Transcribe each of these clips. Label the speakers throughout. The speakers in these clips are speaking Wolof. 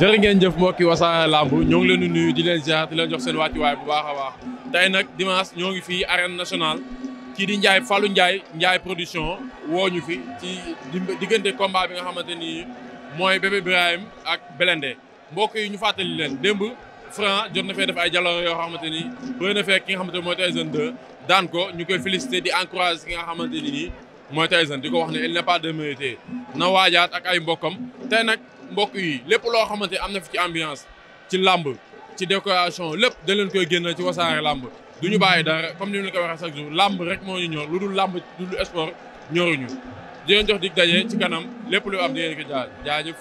Speaker 1: jërë ngeen jëf mbokki wasaare lamb ñoo ngi leen di nuyu di leen ziar di leen jox seen wàccuwaay bu baax a baax tey nag dimanche ñoo ngi fii arène nationale kii di Ndiaye falu Ndiaye njaay production woo ñu fi ci di diggante combat bi nga xamante ni mooy bébé Birahim ak Belende mbokk yi ñu fàttali leen démb Franc jot na fee def ay jaloore yoo xamante ni bëri na fee ki nga xamante ni mooy Tyson 2 daan ko ñu koy félicité di encouragé ki nga xamante ni mooy Tyson di ko wax ne il n'est pas démérité na ak ay mbokkam tey mbokk yi lépp loo xamante am na fi ci ambiance ci làmb ci décoration lépp da leen koy génn ci wasaare làmb du ñu bàyyi dara comme ni ma la ko waxee chaque jour làmb rek moo ñu ñor lu dul làmb lu dul sport ñoruñu di leen jox di daje ci kanam lépp lu am di ngeen ko jaajëf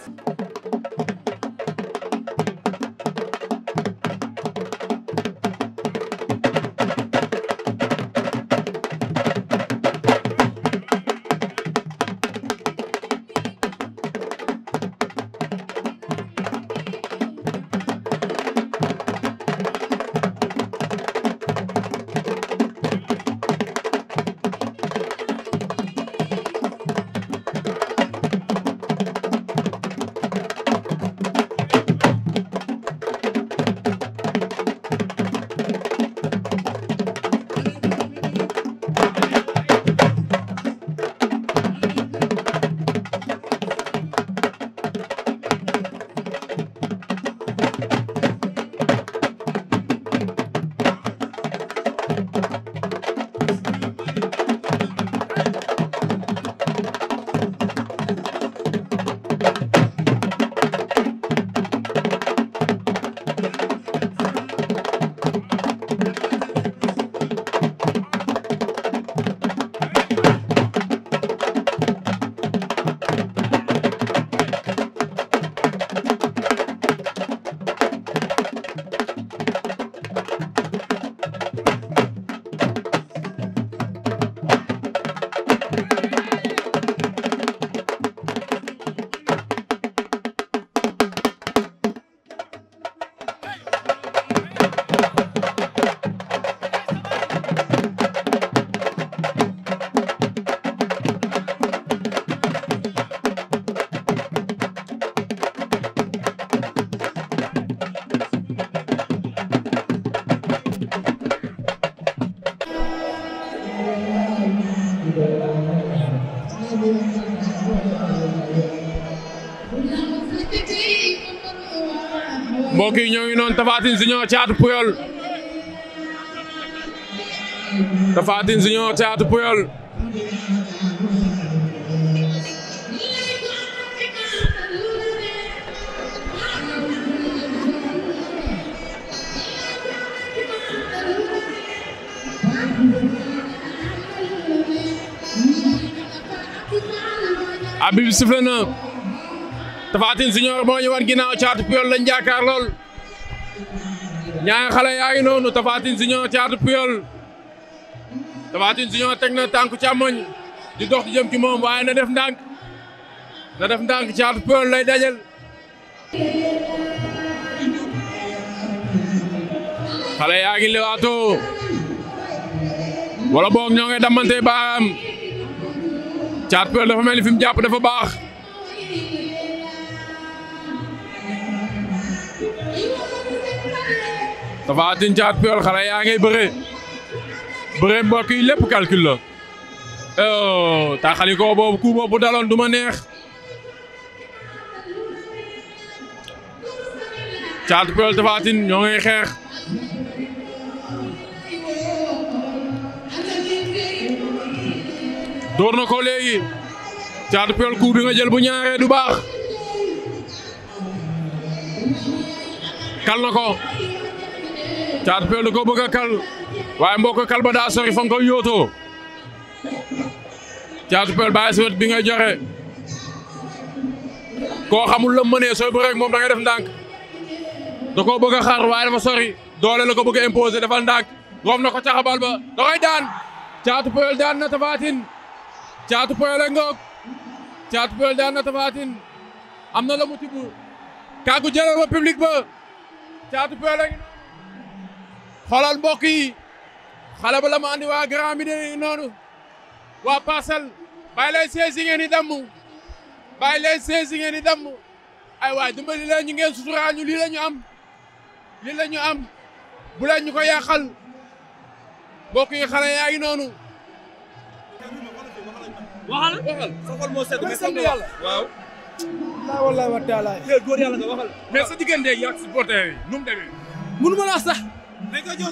Speaker 1: Tafatine Junior Thiatou Pouyeul Tafatine Junior Thiatou Pouyeul caatu sifle na Tafatine Junior moo ñu wan ginnaaw Thiatou Pouyeul lañ jàkkaar lool ñaari xale yaa ngi noonu Tapha Tine Junior Thiatou Puyol Tapha Tine Junior teg na tànku càmmoñ di dox di jëm ci moom waaye na def ndànk na def ndànk Thiatou Puyol lay dajal xale yaa ngi lewaatoo wala boog ñoo ngay damante baam Thiatou Puyol dafa mel ni fi mu jàpp dafa baax Tapha caat Thiat Peul xale yaa ngay bëree lépp calcul la oh, taxalikoo boobu ku bu daloon du ma neex Thiat Peul Tapha ñoo ngay xeex door na ko léegi Thiat Peul coup bi nga jël bu ñaaree du baax kal ko Caat Pell da ko bëgg a kal waaye mbokk kal ba daa sori fa nga koy yootoo Caat Pell bàyyi si wet bi ngay joxe koo xamul la mënee sooy bu rek moom da def ndànk da koo bëgg xar waaye dafa sori doole la ko bëgg a defal ndànk room na ko caxabal ba da koy daan Caat Pell daan na tafaatin Caat Pell a ngoog Caat Pell daan na tafaatin am na la mu tibb kàggu jëlal ba public ba xoolal mbokk yi xale ba la mu andi waa Grand Médine noonu waa Parcelles bàyyi leen sees yi ngeen di damm bàyyi ay waay dimbali leen ñu ngeen suturaal ñu la ñu am lii ñu am bu leen ñu ko yàqal mbokk yi xale yaa ngi noonu.
Speaker 2: waxal waxal
Speaker 1: soxal moo sedd mais sant yàlla
Speaker 2: waaw.
Speaker 3: laa wallaahi wa taala. yow góor yàlla nga waxal. diggante yi mu demee.
Speaker 4: mënu ma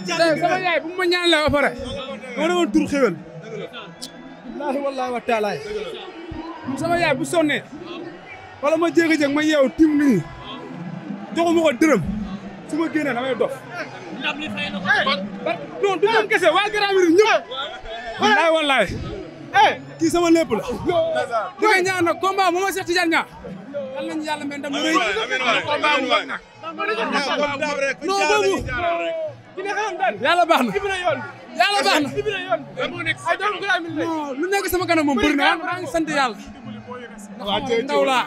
Speaker 4: sama yaay bu ma ñaan la ba pare. ma ne tur xéwal. wallaahi wallaahi wa taalaay. sama yaay bu sonnee. wala ma jékki-jékki ma yeewu tim nii. joxuma ko dërëm. su ma génnee damay dof.
Speaker 2: ndam li fay na ko.
Speaker 4: non du ñoom kese waa Garaamir ñëpp. wallaahi wallaahi. Eh. kii sama lépp la. di nga ñaan nag ma seet Tidiane Niang. yal nañu yàlla may yàlla baax na yàlla baax na lu nekk sama kanam moom bëri na maa ngi sant yàlla
Speaker 5: ndax ndaw laa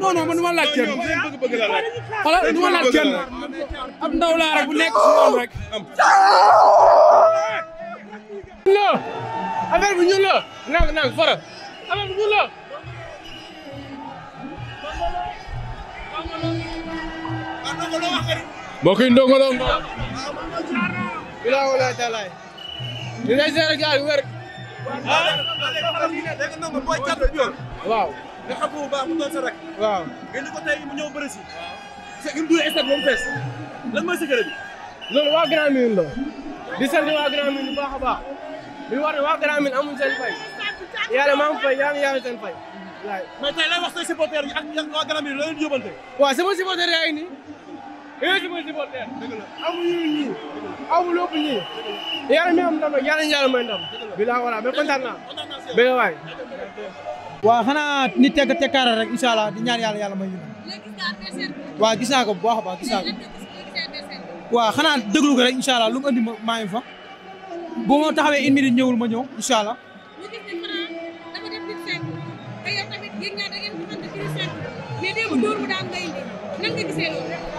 Speaker 2: non non man du ma laaj kenn xoolal du ndaw laa rek bu nekk si yoon rek
Speaker 3: la affaire bi ñun la nang nang fara
Speaker 2: affaire bi
Speaker 1: mbokk yi Ndongo Lo Ngor.
Speaker 6: bilaa walaay talaay. ñu ngi lay seere gaal wér. waaw. nga xam bu baax mu doon sa rek. waaw nga ñu ko mu ñëw bëri si. parce que une durée stade moom fees. loolu waa Grand Médine di sant waa Grand Médine bu baax a baax. li war ne waa Grand Médine amuñ seen fay. yàlla maa fay yàlla yàlla seen fay. mais tey lay wax say waa Grand Médine yóbbante. waaw sama supporters yaa ngi nii. yooyu si mooy supporter amuñu ñii amuñu rek yàlla ñu yàlla xanaa ni tekk rek incha allah di ñaan yàlla yàlla may ñu waaw gis naa ko bu baax a baax gis ko xanaa déglu rek incha allah lu mu andi fa bu ma taxawee une minute ñëwul ma ñëw incha allah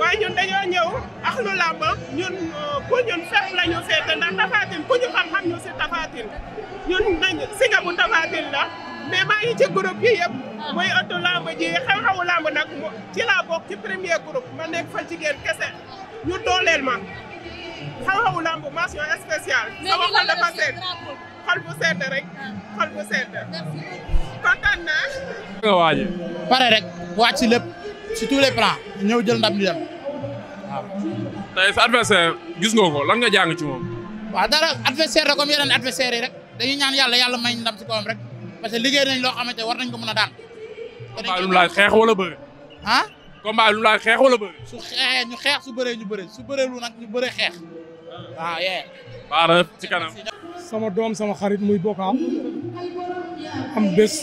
Speaker 7: waaye ñun dañoo ñëw ak lu làmb ñun bu euh, ñun fépp la ñu féete tafaatin ku ñu xam-xam ñu si tafaatin ñun nañ si nga bu tafaatin la mais maa ngi ci groupe yi yëpp muy ëttu làmb ji xew-xewu làmb nag ci laa ci premier groupe ma nekk fa jigéen kese ñu dooleel ma xew-xewu làmb mention spéciale sama xol dafa sedd xol bu sedd rek xol bu sedd kontaan
Speaker 8: naa
Speaker 1: nga waaje
Speaker 9: pare rek lépp sur tous les plans ñëw jël ndam di dem
Speaker 1: gis nga ko lan nga jàng ci moom.
Speaker 9: waaw dara adversaire la comme yeneen adversaire yi rek dañu ñaan yàlla yàlla may ndam si kawam rek parce que liggéey nañ loo xamante war nañ ko mën a daan.
Speaker 1: combat lu laaj xeex wala bëre.
Speaker 9: ah. combat
Speaker 1: lu xeex wala
Speaker 9: ñu xeex su bëree ñu bëre su bëree lu nag ñu bëree xeex.
Speaker 1: waaw ci kanam.
Speaker 3: sama doom sama xarit muy bokkaam
Speaker 2: am bés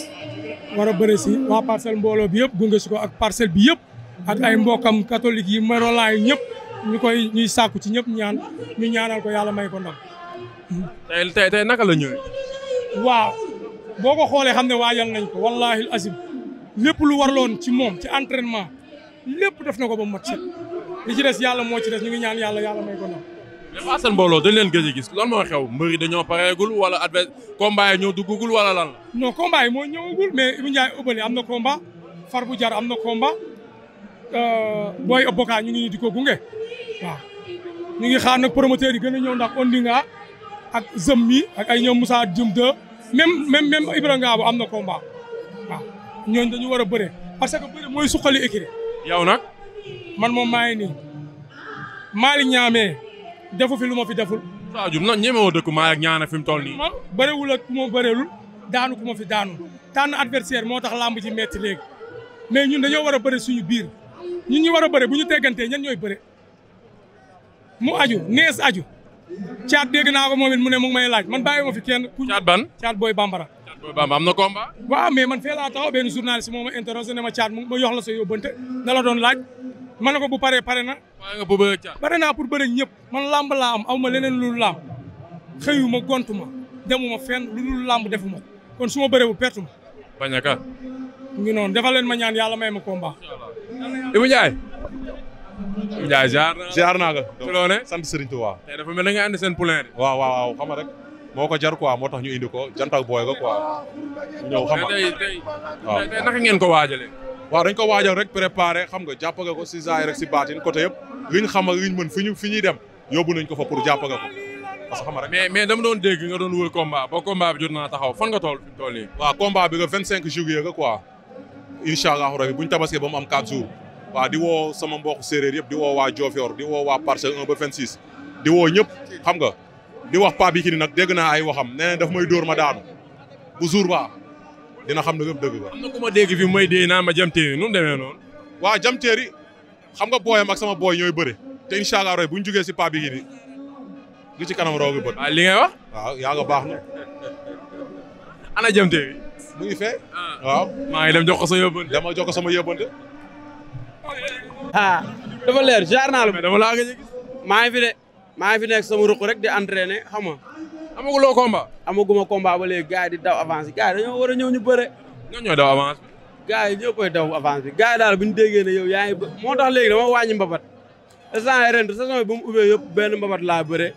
Speaker 2: war a bëre si waa
Speaker 3: parcelle mbooloo bi yëpp gunge si ko ak parcelle bi yëpp. ak ay mbokkam catholique yi marolaay ñëpp ñu koy ñuy sàkku ci ñëpp ñaan ñu ñaanal ko yàlla may ko ndam.
Speaker 1: tey tey tey naka la ñëwee.
Speaker 3: waaw boo ko xoolee xam ne waajal nañ ko wallaahi asim lépp lu war loon ci moom ci entraînement lépp def na ko ba mat set
Speaker 1: li ci des yàlla moo ci des ñu ngi ñaan yàlla yàlla may ko ndam. mais mbooloo dañ leen gëj a gis lan moo xew mbër yi dañoo pareegul wala adverse combat yi ñoo duggagul wala lan la. non combat yi moo ñëwagul mais
Speaker 3: Ibou Ndiaye ëppale am na combat am na combat. Euh, booy Boka ñu ngi nii ko gunge waaw. ñu ngi xaar nag promoteur yi gën a ñëw ndax Ondinga ak Zëm mi ak ay ñoom Moussa Dioum 2 même même même am na combat waaw ñooñu dañu war a bëre parce que bëre mooy suqali écurie. yow nag man moom maa ngi nii Malick Niamé defu fi lu ma fi deful. Moussa Dioum nag ñemewoo dëkk
Speaker 10: Malick Niamé fi mu toll nii.
Speaker 3: man bëriwul ak ku ma bëreelul daanu ku ma fi daanu tànn adversaire moo tax làmb ji metti léegi mais ñun dañoo war a bëre suñu biir. ñu ñu war a bëre bu ñu teggantee ñan ñooy bëre mu aju nees aju caat dégg naa ko moom it mu ne mu ngi may laaj man bàyyi ma fi kenn. caat ban caat booy bambara.
Speaker 1: caat am na combat.
Speaker 3: waaw mais man fee laa taxaw benn journaliste moo ma ne ma caat ma yox la sa yóbbante na la doon laaj ma ne ko bu paree pare na. pare nga pour bëre naa pour bëre ñëpp man làmb laa am aw ma leneen lu làmb xëyuma gontuma demuma fenn lu dul làmb defuma kon su ma bëree bu pertu ma. bañ a ka. ma ñaan yàlla may ma combat.
Speaker 10: Ibou Ndiaye. Ibou Ndiaye ziar naa la ziar naa la. ci loone sant Serigne Touba. tey na nga andi seen poulain de. waaw waaw waaw rek moo ko jar quoi moo tax ñu indi ko jantak booy ko quoi.
Speaker 2: ñëw xam nga tey tey
Speaker 1: tey
Speaker 10: naka ngeen ko waajalee. waaw dañ ko waajal rek préparé xam nga ga ko si zaay rek si baatin côté yëpp liñ xam ak liñ mën fi ñu fi ñuy dem yóbbu nañ ko fa pour jàppale ko. parce que xam rek mais doon dégg nga doon wër combat ba combat bi jot naa taxaw fan nga toll fi mu toll nii. waaw combat bi nga 25 juillet incha allahu rabi bu ñu tabaskee ba mu am 4 jours waaw di woo sama mbokk séeréer yëpp di woo waa Diofior di woo waa Parcelles 1 ba 26. di woo ñëpp xam nga di wax Pape Yékini nag dégg naa ay waxam nee na daf may dóor ma daanu bu jour ba dina xam ne lépp dëgg ba. am na ku ma dégg fi may dee naa ma jam téeri nu mu demee noonu. waa jam téeri xam ga booyam ak sama booy ñooy bëre te incha allah rabi bu ñu jugee si Pape Yékini gi ci kanam raw bi bët. waaw li ngay wax. yaa nga baax na. mu ngi ah. waaw maa ngi dem jox ko sa yóbbante dama jox sama yóbbante.
Speaker 6: dafa
Speaker 4: leer jaar naa la. mais dama laa gëj a maa ngi fi de maa ngi fi nekk sama ruq rek di entraîner xam nga. amaguloo combat. amaguma combat ba léegi gars yi di war a ñëw ñu bëre. ñoo ñoo daw avance. daw avance bi gars yi daal bu ñu déggee yow yaa ngi moo tax léegi dama wàññi mbabat instant yii ren saison bi ba mu ubbee yëpp benn mbabat laa bëre.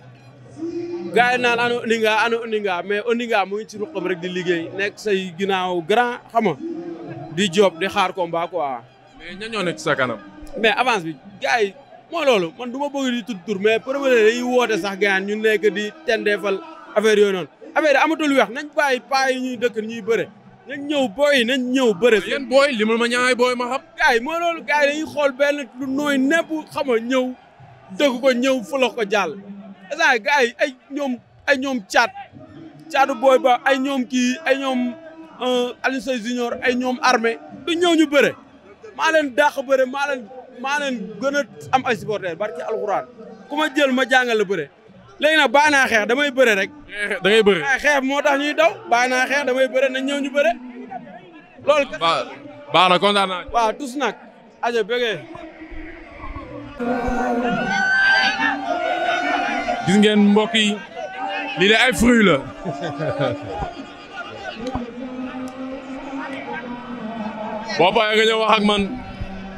Speaker 4: gars yi naan anu Ondinga anu Ondinga mais Ondinga mu ngi ci ruqam rek di liggéey nekk say ginnaaw grand xam di job di xaar combat quoi.
Speaker 1: mais ña ñoo nekk ci sa kanam.
Speaker 4: mais avance bi gars yi moo loolu man du ma bëgg di tudd tur mais problème dañuy woote sax gars ñu nekk di tendeefal affaire yooyu noonu affaire yi amatul weex nañ bàyyi paa yi ñuy dëkk ñuy bëre. nañ ñëw booy yi nañ ñëw bëre. yéen booy li ma ñaay booy ma xam. gars yi moo loolu gars yi dañuy xool benn lu nooy nepp xam nga ñëw ko ñëw fulox saa gars yi ay ñoom ay ñoom caat caatu booy ba ay ñoom kii ay ñoom euh, Alioune Sèye ay ñoom armée du ñëw ñu bëre maa leen dàq bëre maa leen maa leen gën a am ay supporter barki alxuraan ku ma jël ma jàngal la bëre léegi nag bàyyi naa xeex damay bëre rek. da ngay bëre ah, xeex moo tax ñuy daw bàyyi naa xeex damay bëre nañ ñëw ñu bëre
Speaker 1: loolu. waaw baax na kontaan naa. waaw tous nag. aja bëggee. gis ngeen mbokk yi lii de ay fruits la. boo paree nga ñëw wax ak man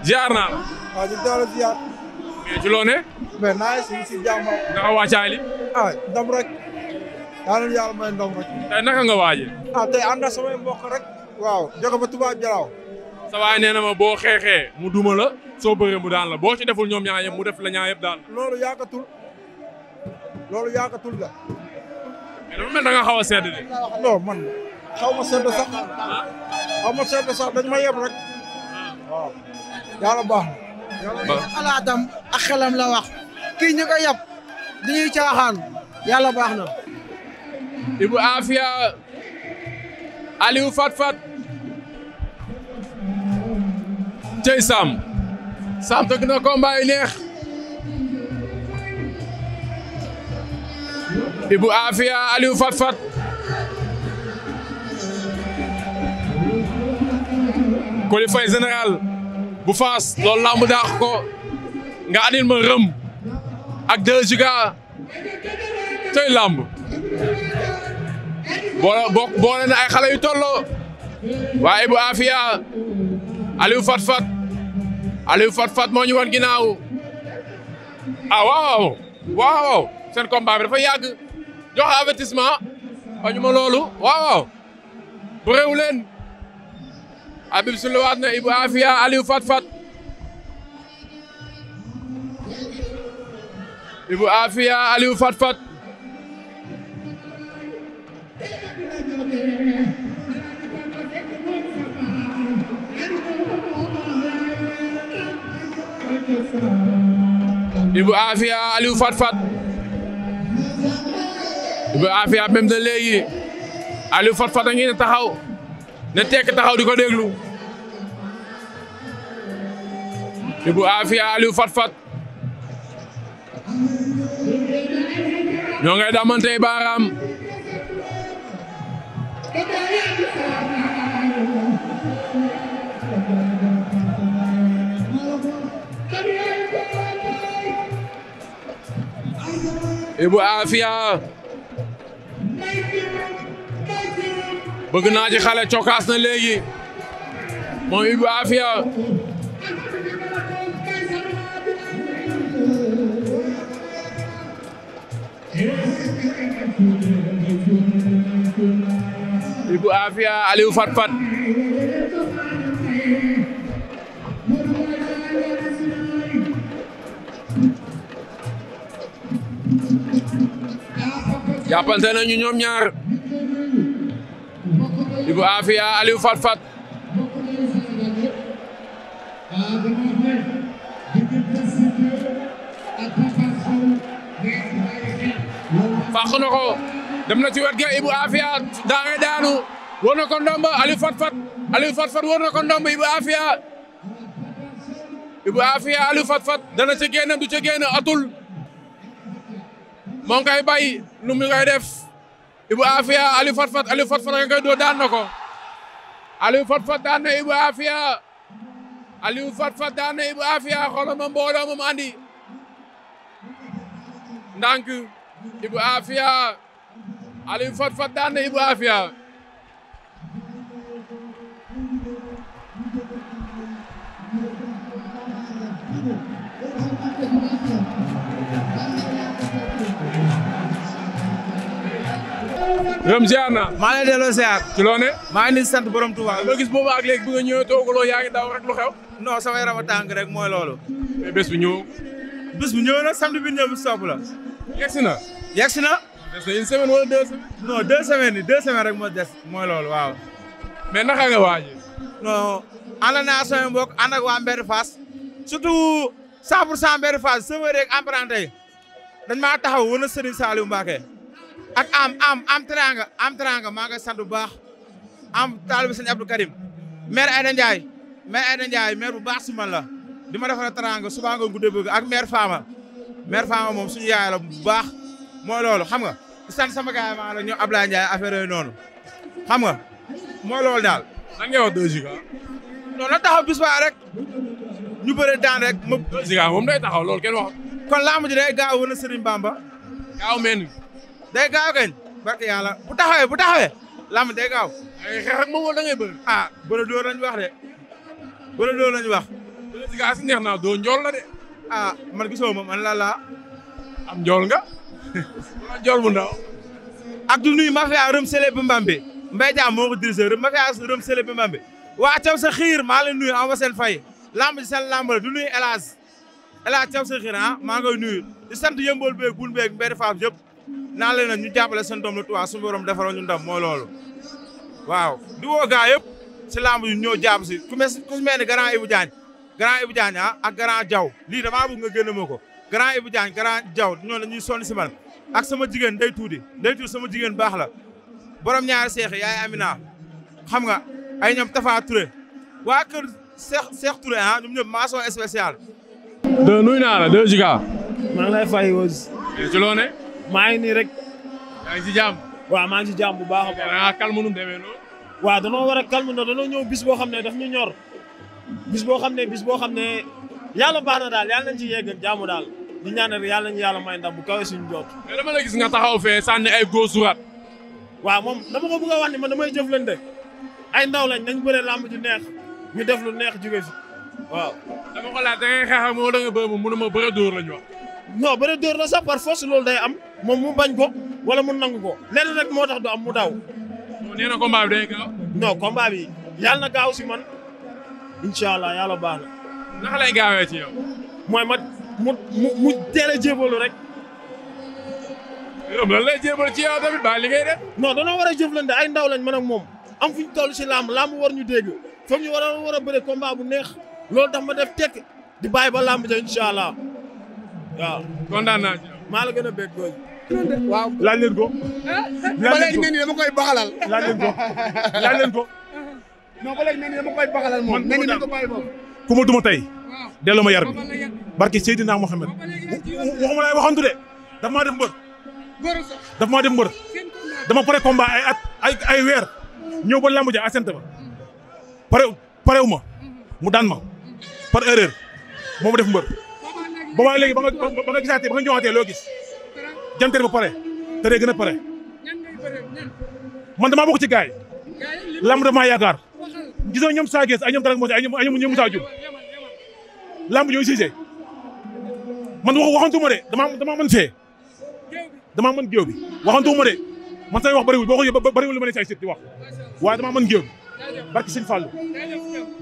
Speaker 1: ziar naa la.
Speaker 11: waaw ñu daal di ziar.
Speaker 1: mais ci loo ne.
Speaker 8: naa ngi si si jàmm. naka waacaay li. ah ndam rek. daanaka yàlla may ndam rek.
Speaker 1: tey naka nga waajee.
Speaker 8: ah tey ànd ak samay rek. waaw jóge ba tubaab Jalaaw.
Speaker 1: sa na ma boo xeexee mu duma la. soo bëree mu daan la boo ci deful ñoom ñaar mu def la ñaar yëpp daan la. loolu
Speaker 8: loolu yaakatul la.
Speaker 1: mais dafa mel da nga xaw a de. non man
Speaker 8: xaw ma sedd sax ah. xaw ma sedd sax dañ ma yeb rek waaw yàlla baax
Speaker 1: na.
Speaker 8: xalaatam ak xelam la wax kii ñu ko yab dañuy caaxaan yàlla baax na.
Speaker 1: Ibou Afia Aliou Fat Cey Sam Sam tëgg na combat yu neex. Ibou Afia Aliou Fat Fat Coly Faye général bu faas loolu lamb daax ko nga andil ma ak deux giga tey lamb boole na ay xale yu tolloo waaye Ibou Afia Aliou Fat Fat Aliou Fat Fat moo ñu wan ginnaaw ah waaw waaw seen combat bi dafa yàgg joxe avertissement bañu ma loolu waaw waaw bu réew leen Habib suluwaat na Ibou Afia Aliou Fat Fat Ibou Afia Aliou Fat bu Afia même na léegi Aliou Fat Fat a ngi ne taxaw ne tekk taxaw di ko déglu di bu Afia Aliou Fat Fat ñoo ngay damantey baaraam Ibu bëgg naa ci xale cokaas na léegi moom Ibou Afia Ibou Afia Aliou Fat Fat ñoom ñaar Ibou Afia Aliou Fat Fat fàq na ko na ci wet ga Ibou Afia daane daanu war na ko ndomb Aliou Fat Fat Aliou Fat Fat war na ko ndomb Ibou Afia Ibou Afia Aliou Fat Fat dana ci génn du ci atul moo ngi bay lu mu koy def Ibou Afia Aliou Fat Fat Aliou Fat Fat nga koy doo daan na ko Aliou Fat Fat daan na Ibou Afia Aliou Fat Fat daan na Ibou Afia xoolal ma mbooloo moom andi ndànk Ibou Afia Aliou Fat Fat daan na Ibou Afia
Speaker 8: ñoom ziar naa. maa ngi lay delloo loo ne. sant borom Tuubaa. ma gis boobu ak léegi bi nga ñëwee toogaloo yaa ngi daw rek lu noo non sama yaram a rek mooy loolu. mais bés bu ñëw. bés bu ñëw nag samedi bi ñëw bi sopp la. yegsi na. yegsi na. na une semaine wala deux semaines. non yi deux semaines rek moo des. mooy loolu waaw. mais naka nga waajee. non ànd naa sama mbokk ànd waa Mbedd Fass surtout 100 pour 100 Mbedd Fass chauffeur ak maa taxaw woon na Serigne Saliou ak am am am am teranga maa ngi sant bu baax am taalibi sëñ Abdou Karim maire Aïda Ndiaye maire Aïda Ndiaye maire bu baax si man la di ma defal teranga suba nga guddee ak maire faama maire Fama moom suñu yaay la bu baax mooy loolu xam nga di sant sama gars yi maa la ñoom Ablaye affaire yooyu noonu xam nga mooy loolu daal. lan ngay wax 2 Giga. na taxaw bis ba rek ñu bëre daan rek. 2 Giga moom day taxaw loolu kenn wax. kon laa mujj de gaaw wala day gaaw barke yàlla bu taxawee bu taxawee lamb day gaaw. xeex
Speaker 7: ak moom wala da ngay bëri.
Speaker 8: ah bëri dóor de bëri dóor lañ wax. bëri neex naa doo njool la de. ah man gisoo man la la am njool nga. wala njool bu ndaw. ak du nuyu mafia rëm sele bi mbambe mbay jaam moo ko dirigé rëm mafia sele bi waa caw sa xiir maa leen nuyu fay lamb ji seen lamb la du nuyu El Hadj ah, maa ngay nuyu di sant yëmbool beeg bun beeg mbéy faam yëpp naan leen ñu jàppale seen doom la Touba suñu borom defaral ñu ndam mooy loolu waaw di woo gaa yëpp si lamb yu ñoo jàpp si ku mes ku mel ni grand Ibou Diagne ah, ak grand jaw lii damaa bëgg nga génn ma ko grand Ibou Diagne grand Diaw ñoo la ñuy sonn si ak sama jigéen day tuudi day tuudi sama jigéen baax la borom ñaari seex yaay Amina xam nga ay ñoom Tafa Touré waa kër Seex Seex Touré ah ñoom ñëpp maçon spécial. de nuyu naa la
Speaker 5: deux giga. maa ngi lay fay woos.
Speaker 8: ci maa ngi nii rek. yaa ngi si
Speaker 5: jàmm. waaw maa ngi si bu baax a baax. ah calme nu demee noonu. waaw danoo war a calme noonu ñëw bis boo xam ne daf ñu ñor. bis boo xam ne bis boo xam ne yàlla baax na daal yàlla nañ ci yegg ak jàmm daal di ñaanal yàlla ñu yàlla may ndam bu kawee suñu jot. mais
Speaker 1: dama la gis nga taxaw fee sànni ay góor surat.
Speaker 5: waaw moom dama ko bëgg a ma ni man damay jëflante ay ndaw lañ nañ bëree làmb ju neex ñu def lu neex ji fi waaw. dama ko laaj da ngay xeex ak la ñu noo bëri dóor la sax par force loolu day am moom mu bañ ko wala mu nangu ko lenn rek moo tax du am mu daw.
Speaker 1: nee na combat bi day gaaw.
Speaker 5: non na gaaw si man incha allah yàlla baax na. naka lay gaawee ci yow. mooy ma mu mu mu teel a jébalu rek. yow lan lay jébal ci yow tamit ba liggéey de. non danoo war a jëflante ay ndaw lañ man ak moom am fu ñu toll si làmb làmb war ñu dégg foog ñu war a war a bëri combat bu neex lool tax ma def tekk di bàyyi ba làmb ja incha allah. waaw kontaan naa ci. maa la gën a bég góor waaw laaj leen ko. Eh,
Speaker 12: laaj leen ko ba léegi dama koy baxalal. laaj leen ko laaj leen ko. non ba léegi dama koy baxalal moom. man dama ko bàyyi moom.
Speaker 10: ku ma duma tey. delloo ma yar bi barke Seydina Mohamed. waxuma laay waxantu de daf maa def mbër. daf maa def mbër. dama pare combat ay at ay ay weer. ñëw ba lamb ja asente ba. pare parewu ma mu daan ma par erreur moo ma def mbër. ba léegi ba nga ba nga gisaatee ba nga ñëwaatee loo gis jantéer ba pare te gën a pare man damaa bokk ci gars yi lamb damaa yaakaar gisoo ñoom Sa Thiès ay ñoom Garga Mbossé ay ñoom ay ñoom lamb ñooy Cissé man wax waxantuma de damaa damaa mën fee damaa mën géew bi waxantuma de man say wax bëriwul boo ko bëriwul li ma ne say di wax waaye damaa man géew bi barki lu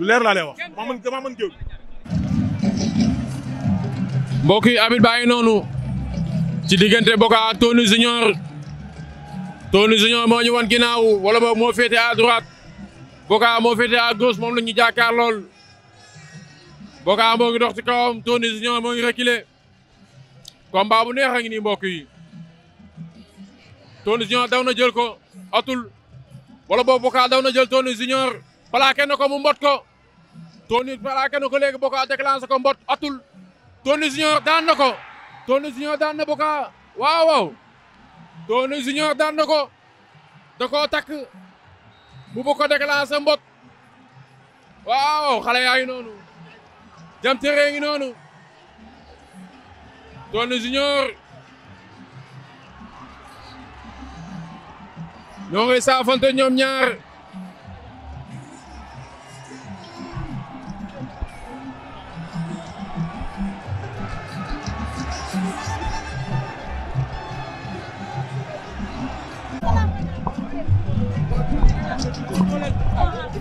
Speaker 10: leer laa lay wax damaa mën damaa mën géew
Speaker 1: mbokk yi abit baa ngi noonu ci diggante Boka ak Tony Junior Tony Junior moo wan ginnaaw wala boog moo féete à droite Boka moo féete à gauche moom la ñu jàkkaar lool Boka moo ngi dox ci kawam Tony Junior moo ngi reculé combat bu neex a ngi nii mbokk yi Tony Junior daw na jël ko atul wala boog Boka daw na jël Tony Junior plaqué na ko mu mbot ko Tony plaqué na ko léegi Boka déclenché ko mbot atul Tony Junior daan na ko Tony Junior daan na Boka waawaw waaw Tony daan na ko da koo takk bu Boka déclenché mbot waaw xale yaa ngi noonu Diam Terry ngi noonu Tony Junior ñoo ngi saafante ñoom ñaar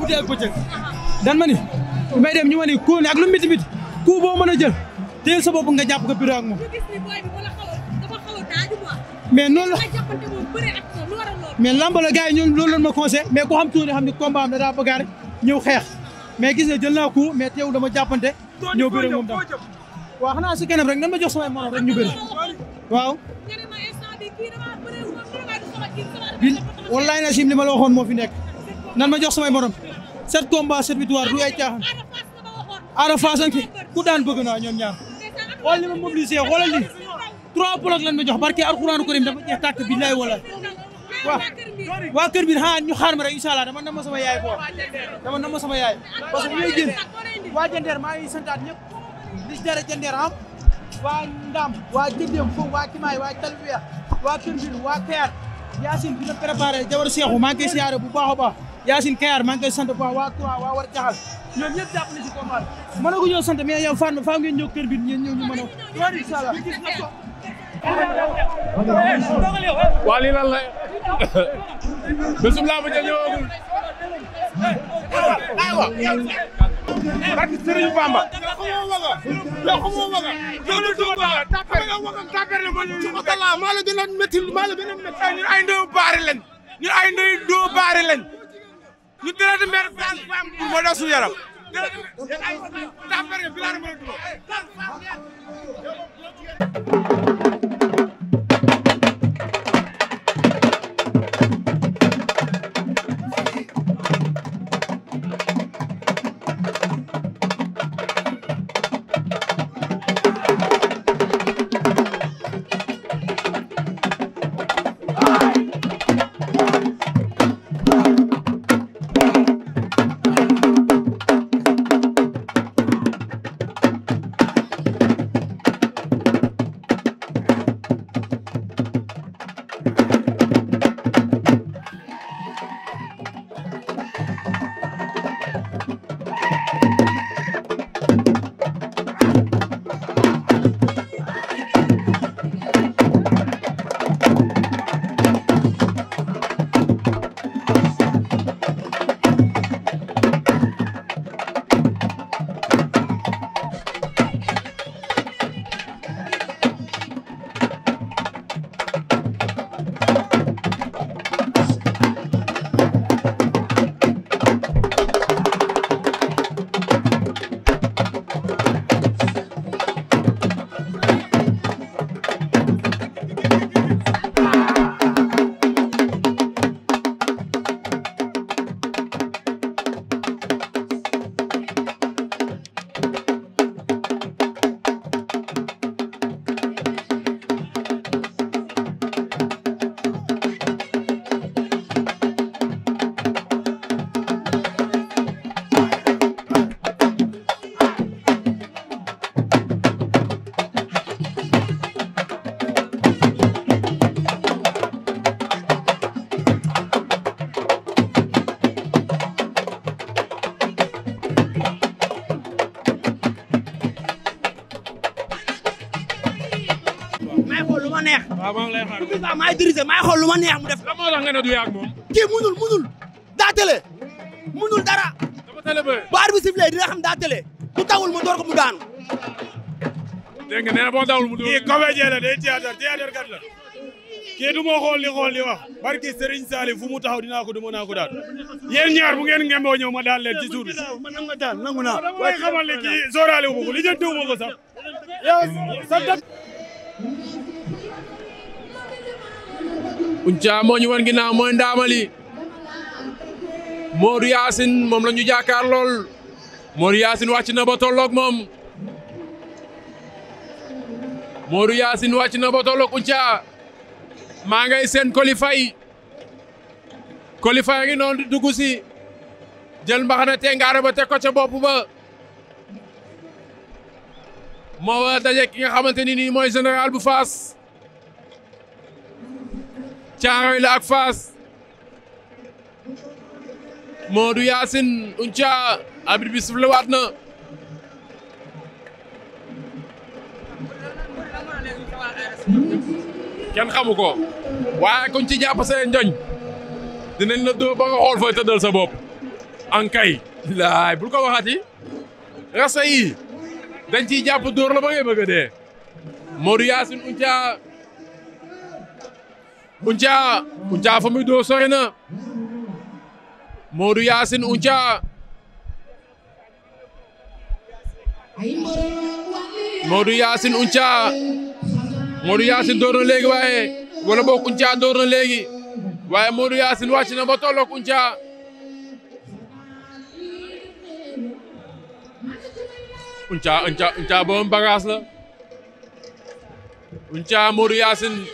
Speaker 2: guddi ak
Speaker 6: bëccëg dan ma ni ñu ma ni kóoni ak lu miti miti ku mën a jël téyel sa bopp nga jàpp ko biro ak moom mais noonu la mais lamb la yi ñoom loolu lañ ma conseillé mais ku xam tuuti xam ni combat am da daa bëgg a rek ñëw xeex mais gis nga jël naa ko mais teewul dama jàppante ñëw bëri moom tam waaw xanaa si kanam rek nan ma jox samay morom rek ñu bëri waaw wallaay na sim li ma la waxoon moo fi nekk nan ma jox samay morom sept combats sept victoires du ay caaxaan Ada Fass ak ku daan bëgg naa ñoom ñaar xool li ma mobilisé xoolal li trois blocs lan ma jox barke ko karim dafa jeex tàkk billaay wala waaw waa kër bi xanaa ñu xaar ma rek incha allah dama nama sama yaay quoi dama nama sama yaay bu waa Jandeer maa ngi santaat ñëpp li ci dara Jandeer am waa Ndam waa Jëndeem foofu waa Kimaay waa Talbiya waa Kër Mbir waa Kayar Yacine dina préparé jabar Seexu maa ngi koy siyaare bu baax a baax Yacine Kayar maa ngi koy sant bu baax waa Touba waa war caxal ñoom ñëpp jàpp na si combat bi mën na ko ñoo sant mais yow Fane faa ngeen ñëw kër bi ñëw ñu mën a war incha allah waa lii lan la
Speaker 1: bisum laa ma ñëwagul
Speaker 2: aywa barke Serigne Bamba waxuma waga jëlu
Speaker 8: duma tapper nga waga tapper la maa la gën a métti maa la gën a métti ñun ay ndeyu baari lañ ñun ay ndeyu doo baari lañ ñu déréti mère France bu am moo daw suñu yaram déréti ay
Speaker 4: na du yaag moom. kii munul munul daa tële munul dara. dafa tële ba bu arbitre sifflé dina xam daa tële bu tawul ma door ko mu daanu. dégg nga nee mu door.
Speaker 5: kii comédien la day théâtre théâtre kat la.
Speaker 4: kii du ma xool li xool wa wax barki Serigne Sali fu mu taxaw dinaa ko duma naa ko daal yéen ñaar bu ngeen ngemboo ñëw ma daal leen ci suuf ma nangu daal nangu naa waaye xamal ne kii sóoraale wu ma ko li jëntuwu ma
Speaker 1: Dia moo ñu wan ginnaaw mooy Ndaamali Modou Yacine moom lañu ñu jaakaar lool Modou Yacine wàcc na ba tolloog moom Modou Yacine wàcc na ba tolloog Kouthia maa ngay seen kolifay kolifay a ngi noonu dugg si jël mbaxana tengaare ba teg ko bopp ba moo war a nga xamante ni nii mooy général bu Fass Caaroy la ak Faas Modou Yacine Unca arbitre bi sifle waat na kenn xamu ko waaye kuñ ci jàpp seen njoñ dinañ la dóor ba nga xool fooy tëddal sa bopp ankay laay bul ko waxati rasa yi dañ ciy jàpp dóor ba ngay bëgg a dee Modou Yacine Unca Unca Unca fa muy doo sori na Modou Yacine Unca Modou Yacine Unca
Speaker 11: Modou Yacine léegi
Speaker 1: waaye wala boog Unca door na waaye Modou Yacine wàcc na ba tolloog Unca Unca Unca Unca borom bagaas la Unca Modou Yacine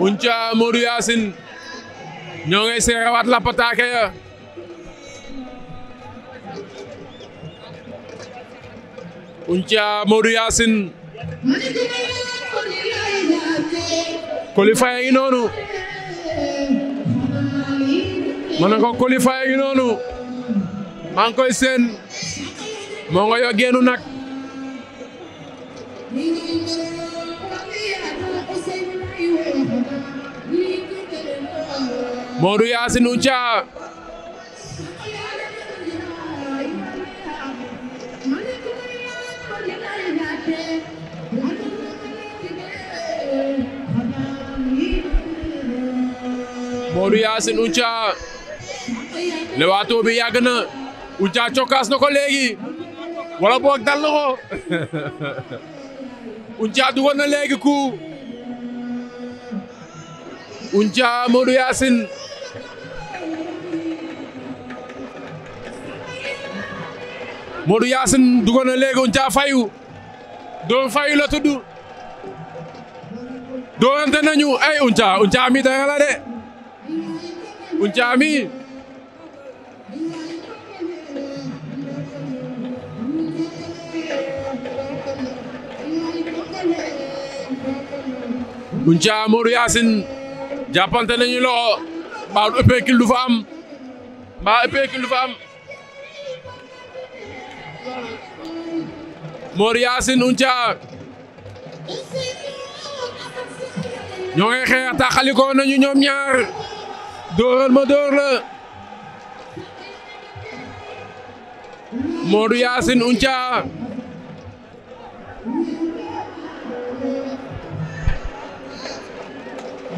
Speaker 1: Unca Modou Yacine ñoo ngay seerewaat lapataake ya Unca Modou Yacine Coly Faye ngi noonu ma ne ko Coly Faye ngi noonu maa ngi moo nga yo geenu nag Modou Yacine Outhia Modou Yacine Outhia lewaatoo bi yàgg na cokkaas na ko léegi wala boog dal na ko Outhia dugoon na léegi ku Outhia Modou Yacine Modou Yacine dugal na léegi Ounthia Faye doon Faye la tudd doonante nañu ay Ounthia Ounthia mi danga de Ounthia mi Ounthia Modou Yacine jàppante nañu loxo mbaa ëppee kil du fa am mbaa kil du fa Mor Yacine Unca ñoo ngi xeex taxalikoo nañu ñoom ñaar dóoral ma dóor la Modou Yacine Unca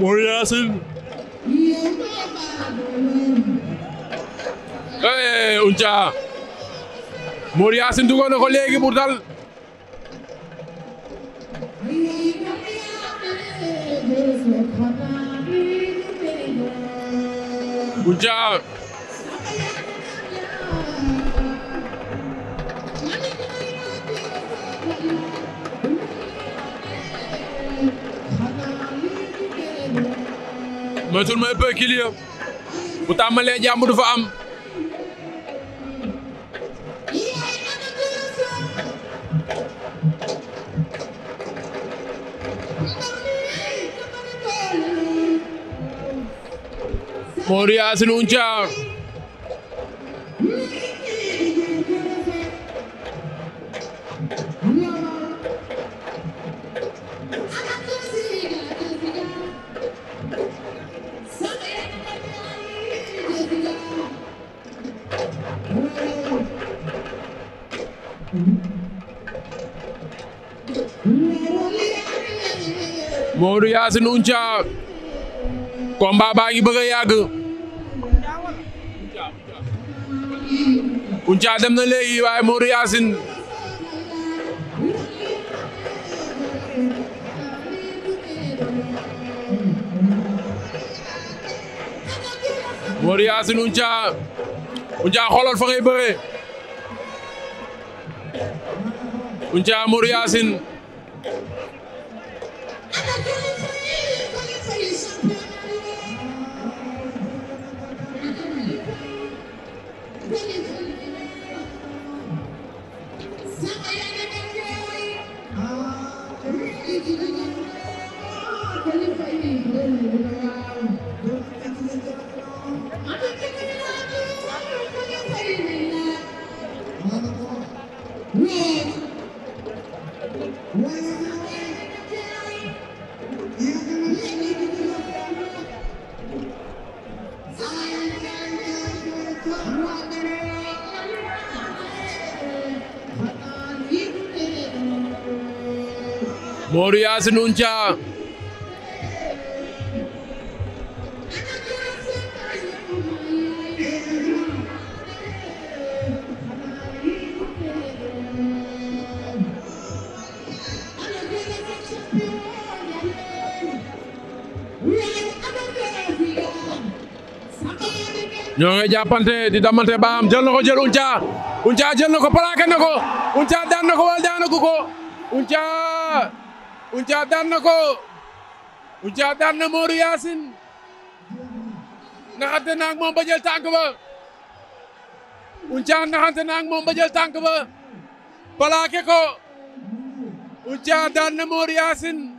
Speaker 1: Mor Yacine hey Unca Modou Yacine dugal na ko léegi pour dal bu jaar moytul mooy peu kiliya bu tàmmalee jàmm du fa am Mor Yacine Unca Modou Yacine baa ngi bëgg a yàgg Kouthia dem na léegi waaye Modou Yacine Modou Yacine Kouthia Kouthia xoolal fa ngay bëree Kouthia Modou Yacine Modou Yacine Ounthia di damante baam jël na ko jël na ko plaqué daan na ko wala daan na ko ko Uncaa daan na ko Uncaa daan na Modou Yacine naxante na moom ba jël ba Uncaa naxante na moom ba jël ba plaqué ko Uncaa daan na Modou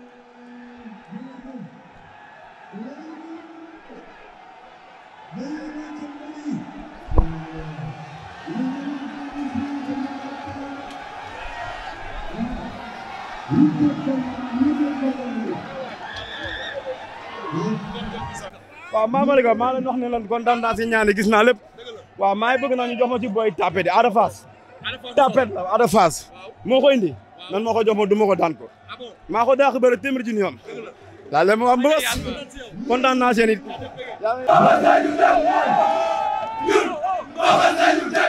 Speaker 4: waaw maa Malika maa leen wax ne lan kontaan naa si ñaani gis naa maa ngi bëgg naa ñu jox ma ci booy tapet yi Ada Fass
Speaker 8: tapet la Ada moo ko indi nan ma ko jox ma du ko daan ko ah ko daax bëri téeméer
Speaker 7: junni ma am bëgg kontaan naa seen it
Speaker 2: Baba Sadio Deme ñun Baba Sadio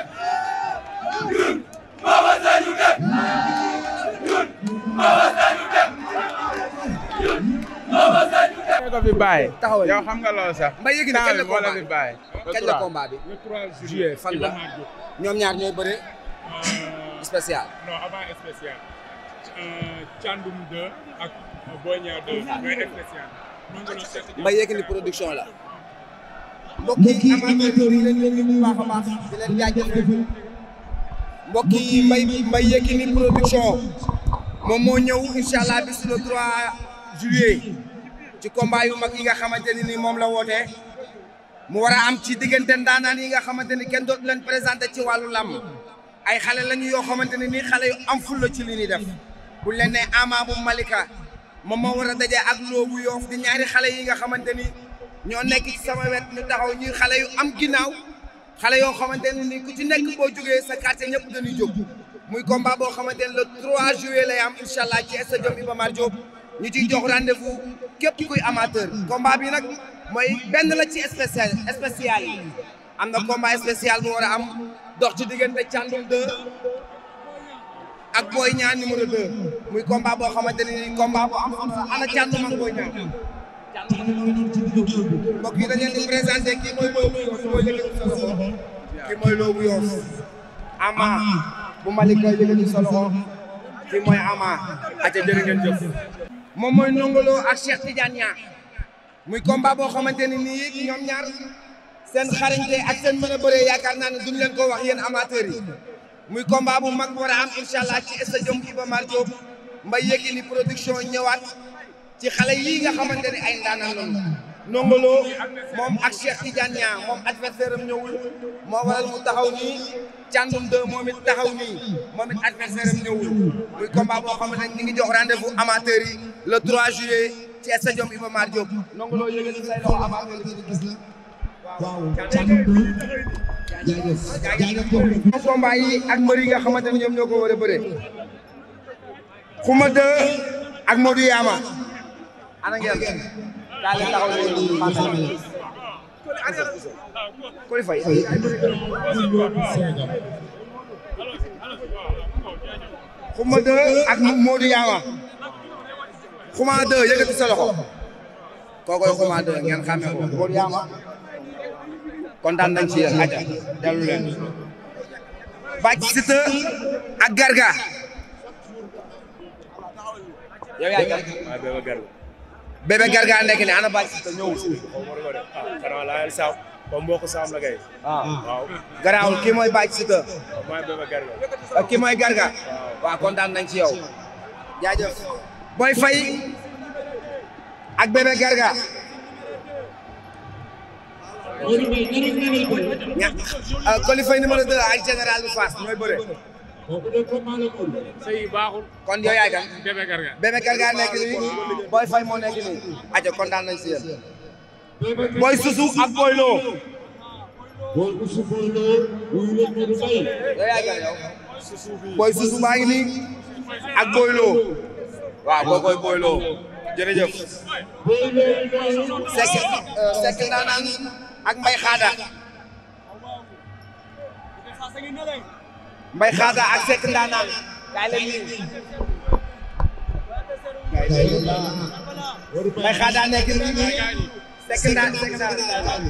Speaker 8: fi bàyyi. taxawal bi
Speaker 13: kañ la combat bi. le 3 juillet fan la ñoom ñaar ñooy bëre. Euh, spécial. non avant euh, ni production la. mbokk yi amateur yi leen leen bu baax yi production moom moo ñëw incha allah bisu le 3 juillet ci combat yu mag yi nga xamante ne ni moom la wootee mu war a am ci diggante ndaanaan yi nga xamante ni kenn dootu leen présenté ci wàllu làmm ay xale lañu yoo xamante ne nii xale yu am fulla ci li ñuy def buñ leen ne Ama bu Malika moom moo war a daje ak loobu yoof di ñaari xale yi nga xamante ni ñoo nekk ci sama wet ñu taxaw ñuy xale yu am ginnaaw xale yoo xamante ne nii ku ci nekk boo jógee sa quartier ñëpp dañuy jóg muy combat boo xamante ne le 3 juillet lay am incha allah ci stade Iba Mar Diop ñu ciy jox rendez-vous képp kuy amateur combat bi nag mooy benn la ci spécial spécial yi am na combat spécial mu war am dox ci diggante Thiandoum 2 ak Boy Niang numéro muy combat boo xamante ne nii combat boo am solo ana Thiandoum ak mooy Boy Niang bu Yoff Ama bu Malick koy yëkkati solo mooy Ama aca jërë ngeen moom mooy Ndongo Lo ak Cheikh Tidiane Niang muy combat boo xamante ni nii ñoom ñaar seen xarañte ak seen mën a bëree yaakaar naa ne duñ leen ko wax yéen amateurs yi muy combat bu mag war a am incha allah ci stadium Iba Mar Diop Mbaye Yékini production ñëwaat ci xale yii nga xamante ne ay ndaanaan lañu Ndongo Lo moom ak Cheikh Tidiane Niang moom adversaire am ñëwul moo waral mu taxaw nii. Thiandoum 2 moom taxaw nii moom it adversaire am ñëwul ne ñu ngi jox rendez-vous amateur yi le 3 juillet ci stade Iba Mar Diop. nangu loo i say loxo amateur yi gis la. waaw Thiandoum 2 jaajëf jaajëf boobu. combat yi ak a bëree. Xuma Coly Faye xuma dë ak Modou Yawa xuma dë yëkkati sa kookoy xuma dë ngeen xàmme ko Modou Yawa kontaan nañ ci yéen aja dellu leen bàcc ak Garga bébé garga nekk ana bàyyi te ñëwul. xanaa laajal saam ba mbokk saam la kay. Ah. waaw garaawul kii mooy bàyyi si te. mooy bébé garga. Ah, kii kontaan nañ ci yow. jaajëf Boy Faye ak bébé garga. ña ah, Coly Faye numéro 2 ak général bu Fass ñooy bëre. kooku de combat la woon. sëy yi baaxul. kon yow yaay kan. Bébé Garga Bébé Garga nekk nii Boy Faye moo nekk nii. ajo kontaan nañ ak Boy Lo.
Speaker 11: Boy Susu maa ngi
Speaker 13: nii ak Boy Lo. waaw boo koy Boy sekk sekk euh, naa ak Mbaye Xaada.
Speaker 2: Mbaye Xaada ak Seck Ndaanaan daa leen nii
Speaker 13: Mbaye Xaada nekk nii Seck Ndaanaan Seck Ndaanaan.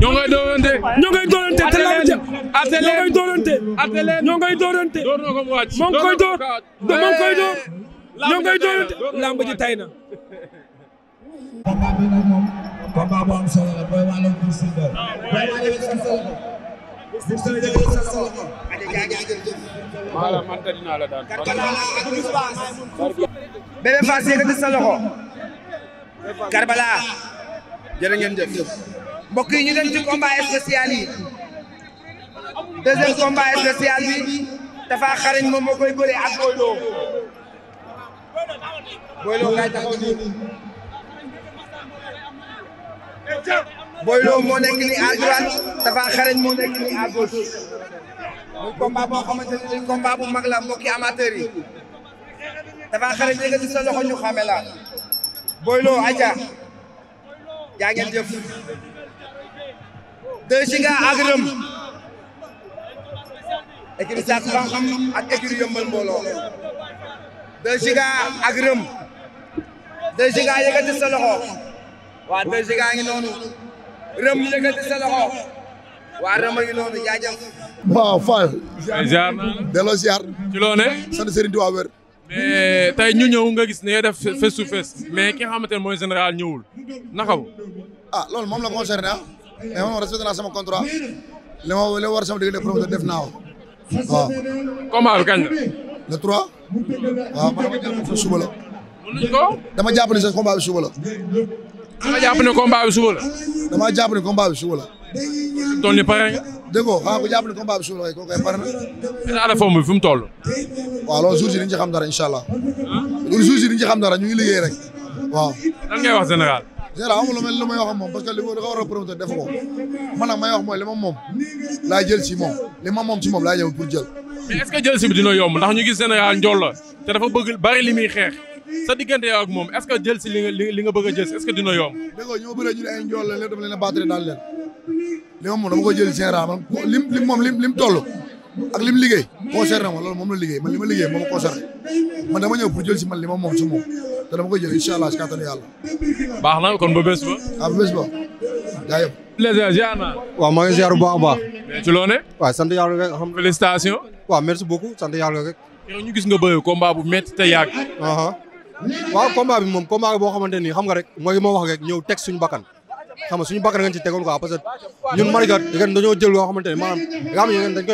Speaker 6: ñoo
Speaker 1: ngay doorante ñoo ngay doorante te laa jëm ñoo ngay doorante ñoo ngay doorante moo ngi koy door moo ngi koy door
Speaker 13: ñoom ngay doon lamb ji tay a la booy wàllu Bou Siteu. booy wàllu Bou Siteu. Bou Siteu jëlee de dinaa la daan. Bébé Fass yëkkati sa loxo. Karbala. jërë ngeen jëf. mbokk ñu dem ci combat spécial yi. deuxième combat xarañ moom moo koy bëree ak Boy Lo. Boy Lo kaay Lo moo nekk nii à droite Tapha moo nekk nii à gauche muy combat boo xamante mag la mbokki amateur yi Tapha Xaragne yëkkati sa loxo ñu la Boy aja jaa ngeen jëf deux Giga ak Reum écurie Thiatou Fankam ak écurie Yeumbeul mbooloo deux giga ak rëm deux giga yëkkati sa loxo waa deux giga ngi noonu rëm yëkkati sa loxo waa rëm a ngi noonu jaajëf
Speaker 12: waaw Fall ziar delloo ziar
Speaker 13: ci loone sant
Speaker 1: Serigne Touba wér mais tey ñu ñëw nga gis ne ngay def face to face
Speaker 12: mais ki nga xamante ne mooy général ñëwul naka bu ah loolu moom la concerné ah mais moom respecté naa sama contrat li ma li war sama diggante promoteur def naa ko waaw combat bi kañ la le 3 waaw man dama jàpp ne suba la. mënuñ ko. dama jàpp ne sa combat bi suba la. dama jàpp ne combat bi suba la. dama jàpp ne combat bi suba la. tool yi pare nga. dégg nga xanaa ko jàpp ne combat bi suba la kay kooku ay pare na. état de forme bi fi mu toll. waaw loolu jour si dañ ci xam dara incha allah. Ah. loolu jour si dañ ci xam dara ñu ngi liggéey rek waaw. lan ngay wax général. Zera amul lu mel lu may moom parce que li ma war a promoteur def ko man nag may wax mooy li ma moom laa jël ci moom li ma moom ci moom laa ñëw pour jël.
Speaker 1: mais est-ce que jël ci bi dina yomb ndax ñu gis Général Ndiol la te dafa bëgg bari li xeex sa diggante ak moom est-ce que jël
Speaker 12: si li nga li nga bëgg a jël est-ce que dina yomb. dégg nga ñoo bëree ñu ne ay Ndiol la leen a battre li ma moom dama ko jël Général man lim lim moom lim lim ak li liggéey concerné ma loolu moom la liggéey man li ma liggéey moom concerné man dama ñëw pour jël si man li ma moom si moom te dama koy jël incha allah si kàttanu yàlla.
Speaker 11: baax na kon ba bés ba.
Speaker 12: a ah, ba bés ba
Speaker 11: jaajëf. plaisir ziar naa. waaw maa ngi ziar bu baax a baax. mais ci loonee. waaw sant yàlla rek alhamdulilah. félicitations. waaw merci beaucoup sant yàlla rek. yow ñu gis nga bëri combat bu métti te yàgg. waaw combat bi moom combat boo xamante ni xam nga rek mooy ma wax rek ñëw teg suñu bakkan xam suñu bakkan ngeen ci tegoon quoi parce ñun Malika ngeen dañoo jël loo xamante ne maanaam dañ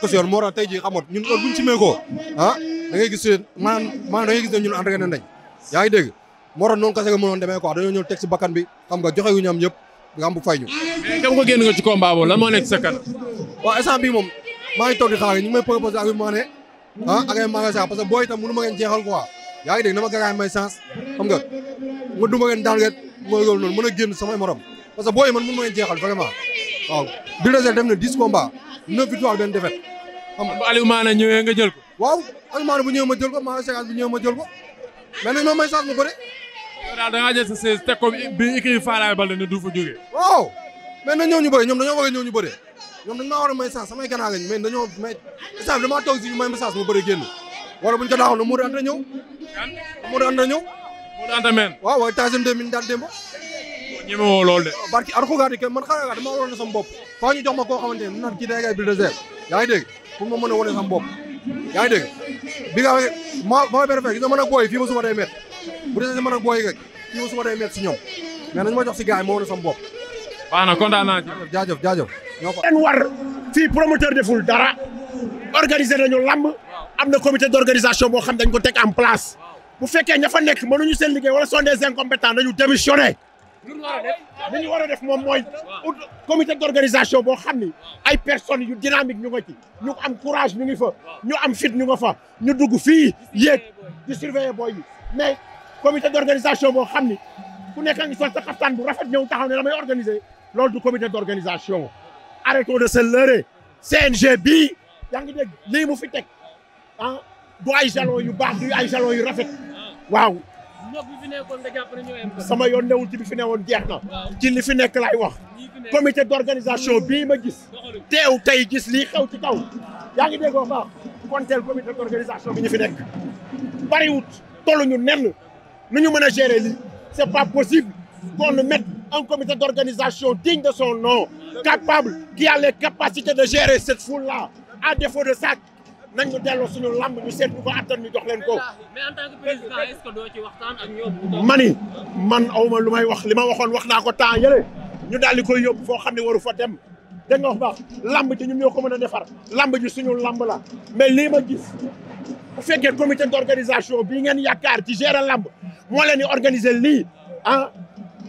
Speaker 11: ko si yoon moo tax tey jii xamoon ñun heure buñu simee koo ah, moo tax noonu kese nga demee quoi dañoo ñëw teg si bi xam nga joxe wu ñu am yëpp nga am fay ñu kam ko génn nga ci combat lan moo nekk sa kan waaw instant bii moom maa ngi ah, booy itam mënu ma ngeen jeexal quoi yaa ngi na ma garaay may chance xam nga ma duma ngeen daan ngeen mooy loolu noonu mën a génn samay morom parce que booy man mën ma leen jeexal vraiment waaw Bulldozer Sène def na dix combats neuf victoire benn défaite xam nga bu Aliou Mané ñëwee nga jël ko waaw Aliou Mané bu ñëwee ma jël ko Mané Seck bu ñëwee ma jël ko mais nañ ma may chance ma bëre yow daal da ngaa jël sa seize teg ko bi ikri Falaye Baldé ne du fa jógee waaw mais na ñëw ñu bëre ñoom dañoo war a ñëw ñu bëre ñoom dañ maa war a may chance samay gànnaaw lañ mais dañoo mais instant bi damaa toog si ñu may ma chance ma bëre génn wala buñ ko daaxoon na muuri anda ñëw muuri Modou Anta Mène waaw waaye Tyson 2 mi ñu daan démb ñeme barki arxugaar yi kenn man xaaral dama waroon na sama bopp faa jox ma koo xamante ne naan kii day gaay bulldozer yaa ngi dégg pour ma mën a wane bopp yaa ngi dégg bi nga ma ma benn fekk gis nga mën a gooy fii ma suma day met bu dee mën a gooy rek fii ma suma day met si ñoom mais nañ ma jox si gars yi ma wane sama bopp baax na kontaan naa jaajëf jaajëf fii promoteur
Speaker 7: deful dara organiser nañu lamb am na comité d'organisation boo xam dañ ko teg en place bu fekkee ña fa nekk mënuñu seen liggéey wala sont des incompétents dañu démissionné li ñu war a def moom mooy comité d'organisation boo xam ni ay personnes yu dynamique ñu nga ci ñu am courage ñu ngi fa ñu am fit ñu nga fa ñu dugg fii yéeg di surveiller booy yi mais comité d'organisation boo xam ni ku nekk a ngi sol sa xaftaan bu rafet ñëw taxaw ne damay organiser loolu du comité d'organisation arrêtons de se leurrer CNG bi yaa ngi dégg lii mu fi teg ah du ay jalon yu baax du ay jalon yu rafet waaw.
Speaker 6: sama yoon newul
Speaker 7: ci bi fi ne newoon jeex na. ci li fi nekk laay wax. comité d'organisation bii ma gis. teew tey gis li xew ci taw yaa ngi déggoo baax konteel comité d'organisation bi ñu fi nekk. bariwut tolluñu nenn nu ñu mën a gérer lii c'est pas possible qu'on ne mette un comité d'organisation digne de son nom capable qui a les capacités de gérer cette foule là à défaut de ça nañ ñu delloo suñu làmb ñu seet bu ko attan ñu jox leen ko. mais tant que président ci waxtaan ak ñoom. mani man awma lu may wax li ma waxoon wax naa ko temps yële ñu daal di koy yóbbu foo xam ne waru fa dem dégg nga wax baax làmb ji ñun ñoo ko mën a defar làmb ji suñu làmb la mais lii ma gis bu fekkee comité d'organisation bii ngeen yaakaar ger a làmb moo leen di organiser lii ah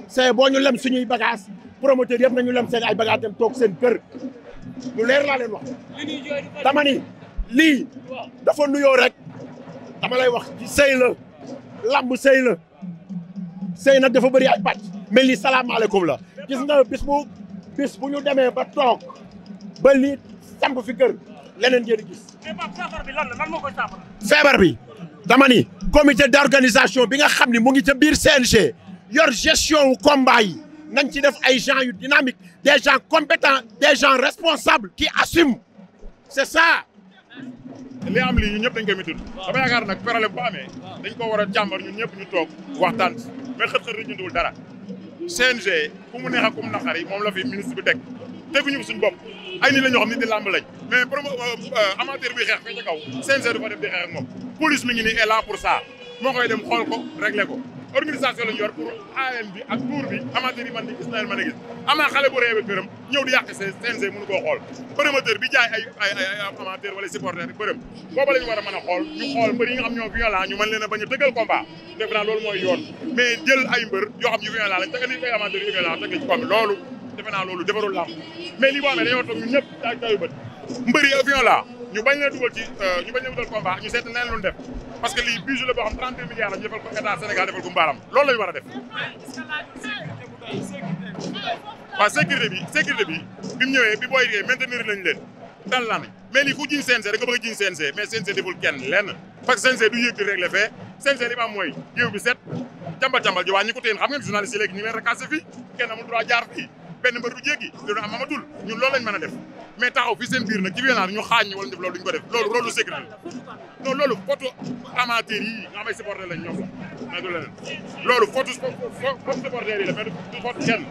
Speaker 7: c'est boo ñu lem suñuy bagage promoteur yëpp nañu lem seen ay bagage dem toog seen kër lu leer laa leen wax dama lii dafa nuyoo rek dama lay wax ci sëy la làmb sëy la dafa bëri ay pàcc mais lii salaamaaleykum la gis nga bis bu bis bu ñu demee ba toog ba lii samp fi kër leneen ngeen gis feebar bi feebar bi dama ni comité d'organisation bi nga xam ni mu ngi ca biir CNG yor gestion wu combat yi nañ ci def ay gens yu dynamique des gens compétents des gens responsables qui assument c'est ça li am lii ñun ñëpp dañ koy métti dama yaakaar nag problème bu amee
Speaker 14: dañ ko war a jàmbar ñëpp ñu toog waxtaan si mais xët-xët rëjëndiwul dara CNG ku mu neex ak ku mu naqar yi moom la fi ministre bi teg teguñu ko suñu bopp ay nit la ñoo xam ne di làmb lañ mais promo euh, euh, amateur fee ca kaw CNG du fa def di moom police mi ngi nii est là pour ça moo koy dem xool ko réglé ko organisation lañu yor pour am bi ak tour bi amateur yi man di Ismaël Mané gis amaa xale bu réew bërëm ñëw di yàq CNG mënu koo xool promoteur bi jaay ay ay ay amateur wala supporter bërëm booba la ñu war a xool ñu xool mbër yi nga xam ñoo violent ñu mën leen a bañ a tëggal naa loolu mooy yoon mais jël ay mbër yoo xam yu violent lañ tëggal ay amateur yu violent tëggal ci combat loolu defe naa loolu defarul làmb mais lii boo ñu bañ la dugal ci euh, ñu bañ la dugal combat ñu seet neen lu def parce que lii budget la boo xam 32 milliards la ñu defal ko état Sénégal defal ko mbaaram la ñu war a def. parce que bi sécurité bi bi mu ñëwee bi booy liggéey maintenir lañ leen dal lan mais lii ku jiñ CNG da nga bëgg a jiñ CNG mais CNG deful kenn lenn parce que CNG du yëg di régler fee CNG li mu am mooy bi set jàmbal jàmbal ji waa ñu ko téen xam ngeen journaliste yi léegi ñu ngi leen rakaase benn mbër bu jéggi dina am amatul ñun loolu lañ mën a def mais taxaw fi seen biir nag ci wénaar ñu xaañ ñu wala ñu def loolu duñ ko def loolu rôle lu secret la non loolu photo amateur nga xam ay lañ ñoom la mais du leneen loolu photo supporter yi la mais du photo kenn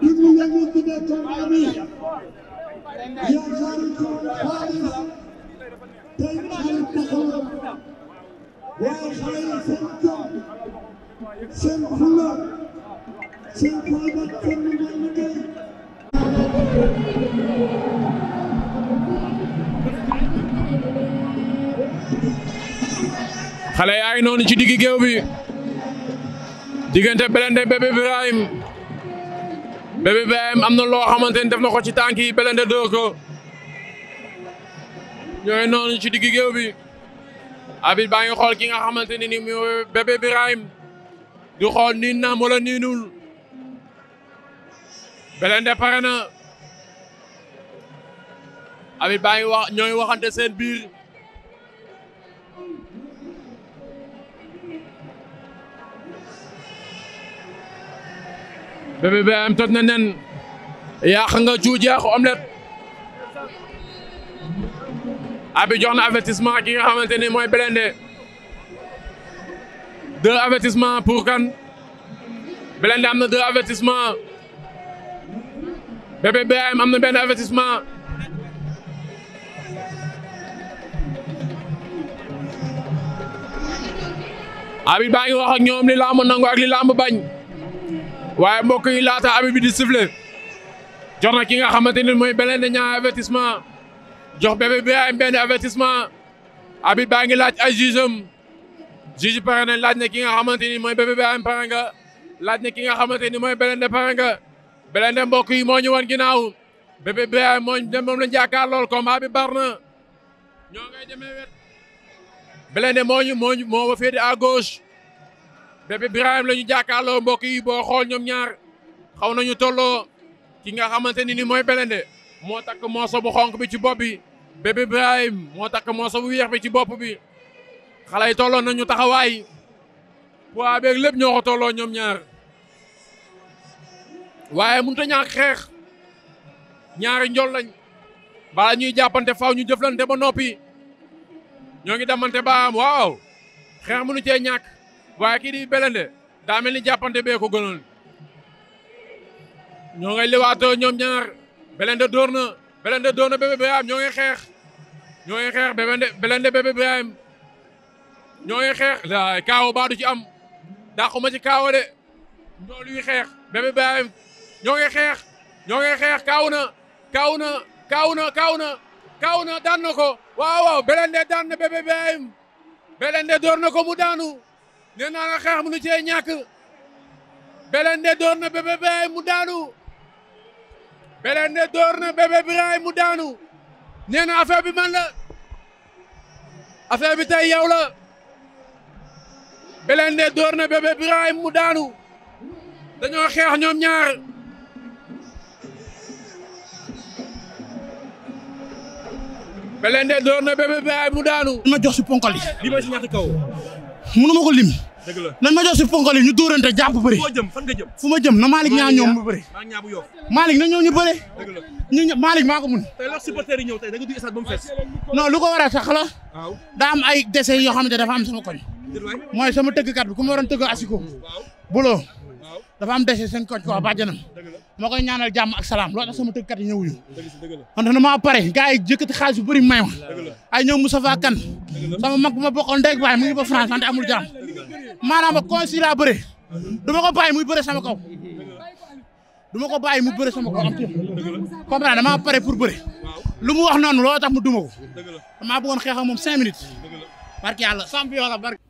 Speaker 13: biñu yëngutee combat bi
Speaker 2: yaakaaru ko xaalis tey xaalis
Speaker 13: taxawoon waaye xaalis
Speaker 1: yaay noonu ci diggi géew bi diggante Blindé Bébé Birahim Bébé Birahim am na loo xamante ni def na ko ci tànk yi Blindé dóor ñooy noonu ci digg géew bi abit baa ngi xool ki nga xamante ne ni mooy Bébé Birahim di xool niin na walla niinul Blindé pare na abit baa ngi ñooy waxante seen biir Bébé BM toj na nen yàq nga cuuj yàq omelette abi jox na avertissement ki nga xamante ni mooy Blindé deux avertissement pour kan Blindé am na deux avertissement Bébé BM am na benn avertissement abi baa ngi wax ak ñoom li lamb nangu ak li bañ waaye mbokk yi laata abi bi di jox na ki nga xamante ni mooy beneen na ñaari avertissement jox bébé bi ay benn avertissement abi baa ngi laaj ay juge am juge pare laaj na ki nga xamante ni mooy bébé bi ay pare ga laaj na ki nga xamante ni mooy beneen de pare nga beneen de mbokk yi moo ñu wan ginnaaw bébé bi ay moo dem moom la jàkkaar lool combat bi bar na ñoo ngay demee wet beneen de moo ñu moo ñu moo féete à gauche. Bébé Birahim la ñu jàkkaarloo mbokk yi boo xool ñoom ñaar xaw nañu tolloo ki nga xamante ni ni mooy Blindé moo takk mooso bu xonk bi ci bopp bi moo takk mooso bu weex bi ci bopp bi xale yi tolloo nañu taxawaay poids beeg lépp ñoo ko tolloo ñoom ñaar waaye mënut a ñàkk xeex ñaari njool lañ bala ñuy jàppante faaw ñu jëflante ba noppi ñoo ngi demante baam waaw xeex mënu cee ñàkk. waaye kii di Belende daa mel ni jàppante bee ko gënoon ñoo ngay liwaatoo ñoom ñaar Belende door na Belende door na Bébé Birahim ñoo ngay xeex ñoo ngay xeex Belende Belende Bébé Birahim ñoo ngay xeex du ci am dàquma ci kaawo de ñoo luy xeex Bébé Birahim kaaw na kaaw na kaaw na kaaw na kaaw na daan na ko waaw waaw Belende daan na Bébé Birahim Belende door na ko mu daanu nee naa la xeex mënu cee ñàkk Belende door na Bébé Birahim mu daanu Belende door na Bébé Birahim mu daanu nee na affaire bi man a affaire bi tey yow la Belende door na Bébé Birahim mu daanu dañoo xeex ñoom ñaar Belende door na Bébé Birahim mu daanu. ma jox si ponkal si ñaata kaw.
Speaker 9: mënu ma ko lim. nañ ma jox ñu dóorante jàpp bëri fu ma jëm na Malick ñaa ñoom bu
Speaker 7: bëri Malick na ñoo ñu bëri
Speaker 9: ñu Malick maa ko mun
Speaker 7: non lu ko war a sax la
Speaker 9: daa am ay décès yoo xamante dafa am sama koñ mooy sama tëggkat bi ku ma waroon tëgg asiko buloo dafa am dese seen coach quoi bàjjanam ma koy ñaanal jàmm ak salaam loolu tax sama tëggkat yi ñëwuñu man dafa maa pare gars yi jëkkati xaalis bu bëri may ma ay ñëw Moustapha Kane sama mag ma bokkoon ndey baay mu ngi ba France wante amul jàmm maanaam ak consulat bëre du ma ko bàyyi muy bëre sama kaw du ma ko bàyyi mu bëre sama kaw am tëb comprendre damaa pare pour bëre lu mu wax noonu loolu tax mu duma ko damaa bëggoon xeex moom cinq minutes barke yàlla champion